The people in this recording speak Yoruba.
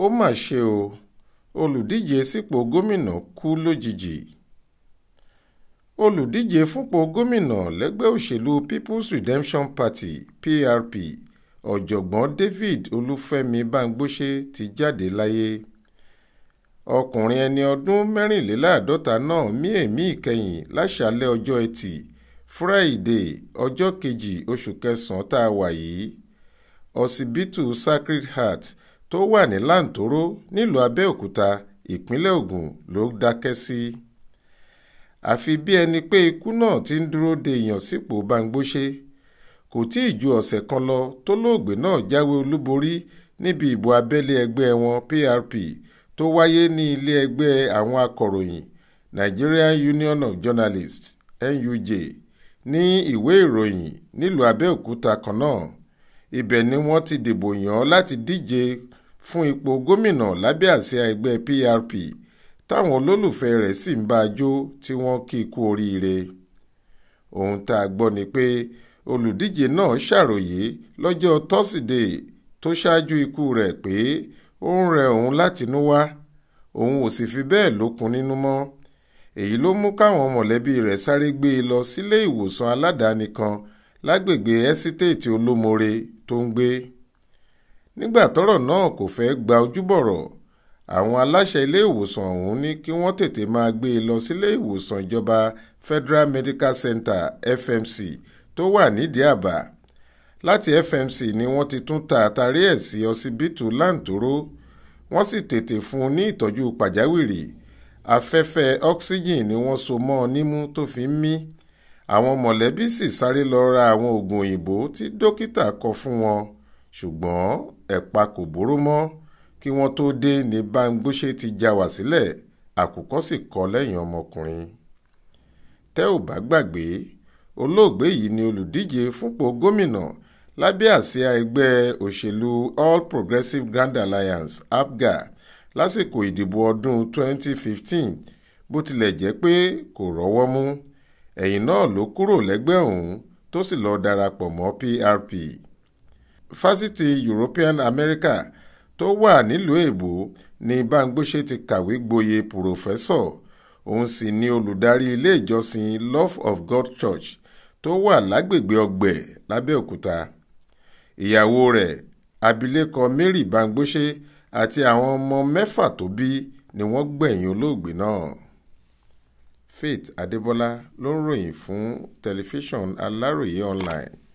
ó mà ṣe o olùdíje sípò gómìnà kú lójijì olùdíje fúnpò gómìnà lẹ́gbẹ́ òṣèlú people's redemption party prp ọ̀jọ̀gbọ́n david olúfẹ́mi báńgbóṣe ti jáde láyé ọkùnrin ẹni ọdún mẹ́rìnléláàádọ́ta náà mí èémí ìkẹyìn láṣálẹ́ ọjọ́ ẹtì friday ọjọ́ kejì oṣù kẹsàn-án tá a wà yìí ọsibítù sacred heart tó wà ní lantoro nílùú abẹ́òkúta ìpínlẹ̀ Ògùn ló dákẹ́ sí àfi bí ẹni pé ikú náà ti ń dúró de ìyànsípò Bámgbóṣé kò tí ì ju ọ̀sẹ̀ kan lọ tólóògbé náà jáwé olúborí níbi ìbò abẹ́lé ẹgbẹ́ wọn PRP tó wáyé ní ilé ẹgbẹ́ àwọn akọ̀ròyìn Nigerian Union of Journalists NUJ ní ìwé ìròyìn nílùú Abẹ́òkúta kan náà ibẹ̀ ni wọ́n ti dìbò yàn láti díje fún ipò gómìnà lábẹ́ àsíá ẹgbẹ́ PRP táwọn olólùfẹ́ rẹ̀ sì ń bá a jó tí wọ́n kí i kú oríire ohun tá a gbọ́ ni pé olùdíje náà ṣàròyé lọ́jọ́ tọ́sídẹ̀ẹ́ tó ṣáájú ikú rẹ̀ pé ó ń rẹ òun látinú wá òun ò sì fi bẹ́ẹ̀ lókun nínú mọ́ èyí ló mú káwọn mọ̀lẹ́bí rẹ̀ sáré gbé e lọ sílé ìwòsàn aládàáni kan lágbègbè ẹ́sítéètì olómore tó ń gbé nígbà tọ́rọ̀ náà kò fẹ́ gba ojúbọ̀rọ̀ àwọn aláṣẹ ilé ìwòsàn ọ̀hún ní kí wọ́n tètè máa gbé e lọ sílé ìwòsàn ìjọba Federal Medical Center FMC tó wà nídìí àbá láti FMC ni wọ́n ti tún ta àtàrí ẹ̀ sí ọsibítù láǹtóró wọ́n sì tètè fún un ní ìtọ́jú pàjáwìrì afẹ́fẹ́ oxygen ni wọ́n so mọ́ ọ nímú tó fi ń mí àwọn mọ̀lẹ́bí sì sáré lọ ra àwọn oògùn òyìnbó tí dókítà kọ fún wọn ṣùgbọ́n ẹ̀pà kò bóró mọ́ kí wọ́n tó dé ní Bámgbóṣe ti já wà sílẹ̀ àkùkọ sì kọ lẹ́yìn ọmọkùnrin tẹ́ ò bá gbàgbé olóògbé yìí ni olùdíje fúnpò gómìnà lábẹ́ àsíá ẹgbẹ́ òṣèlú All progressive Grand Alliance APGA lásìkò ìdìbò ọdún 2015 bó tilẹ̀ jẹ́ pé kò rọ́wọ́ mú ẹ̀yìn náà ló kúrò lẹ́gbẹ́ ọ̀hún tó sì lọ́ọ́ darapọ̀ mọ́ PRP fásitì European America tó wà nílùú èbó ni Bámgbóṣe ti kàwé gboyè pòròfẹ́sọ̀ òun sì ni olùdarí ilé ìjọsìn Love of God Church tó wà lágbègbè ọgbẹ̀ lábẹ́òkúta ìyàwó rẹ̀ abilékọ Mary Bámgbóṣe àti àwọn ọmọ mẹ́fà tó bí ni wọ́n gbẹ̀yìn olóògbé náà faith adébọlá ló ń ròyìn fún tẹlifíṣàn aláròye online